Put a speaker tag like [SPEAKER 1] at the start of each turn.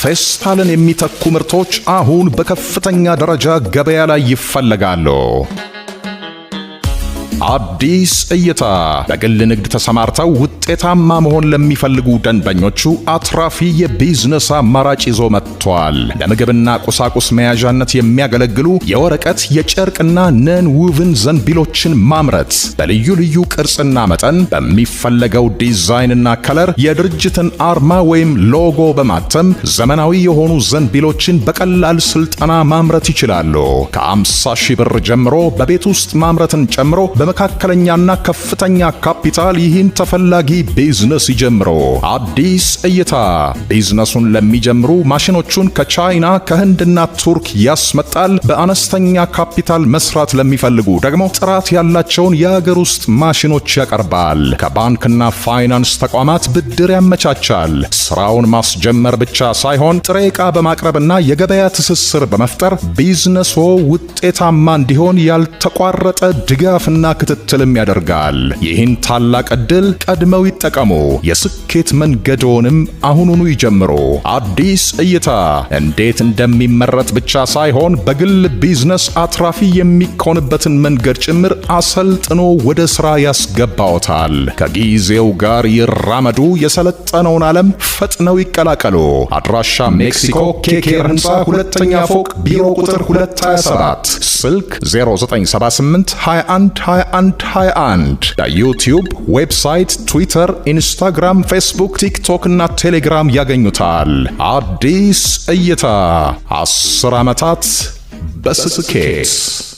[SPEAKER 1] ፌስታልን የሚተኩ ምርቶች አሁን በከፍተኛ ደረጃ ገበያ ላይ ይፈለጋሉ። አዲስ እይታ በግል ንግድ ተሰማርተው ውጤታማ መሆን ለሚፈልጉ ደንበኞቹ አትራፊ የቢዝነስ አማራጭ ይዞ መጥቷል። ለምግብና ቁሳቁስ መያዣነት የሚያገለግሉ የወረቀት የጨርቅና ነን ውቭን ዘንቢሎችን ማምረት በልዩ ልዩ ቅርጽና መጠን በሚፈለገው ዲዛይንና ከለር የድርጅትን አርማ ወይም ሎጎ በማተም ዘመናዊ የሆኑ ዘንቢሎችን በቀላል ስልጠና ማምረት ይችላሉ። ከ50 ሺህ ብር ጀምሮ በቤት ውስጥ ማምረትን ጨምሮ በመካከለኛና ከፍተኛ ካፒታል ይህን ተፈላጊ ቢዝነስ ይጀምሮ። አዲስ እይታ ቢዝነሱን ለሚጀምሩ ማሽኖቹን ከቻይና ከህንድና ቱርክ ያስመጣል። በአነስተኛ ካፒታል መስራት ለሚፈልጉ ደግሞ ጥራት ያላቸውን የአገር ውስጥ ማሽኖች ያቀርባል። ከባንክና ፋይናንስ ተቋማት ብድር ያመቻቻል። ስራውን ማስጀመር ብቻ ሳይሆን ጥሬ ዕቃ በማቅረብና የገበያ ትስስር በመፍጠር ቢዝነሶ ውጤታማ እንዲሆን ያልተቋረጠ ድጋፍና ክትትልም ያደርጋል። ይህን ታላቅ ዕድል ቀድመው ይጠቀሙ። የስኬት መንገዶንም አሁኑኑ ይጀምሩ። አዲስ እይታ እንዴት እንደሚመረት ብቻ ሳይሆን በግል ቢዝነስ አትራፊ የሚኮንበትን መንገድ ጭምር አሰልጥኖ ወደ ሥራ ያስገባዎታል። ከጊዜው ጋር ይራመዱ። የሰለጠነውን ዓለም ፈጥነው ይቀላቀሉ። አድራሻ ሜክሲኮ ኬኬር ሕንፃ ሁለተኛ ፎቅ ቢሮ ቁጥር 227 ስልክ 0978 21 ዌብሳይት፣ ትዊተር፣ ኢንስታግራም፣ ፌስቡክ፣ ቲክቶክ እና ቴሌግራም ያገኙታል። አዲስ እይታ አስር ዓመታት በስኬት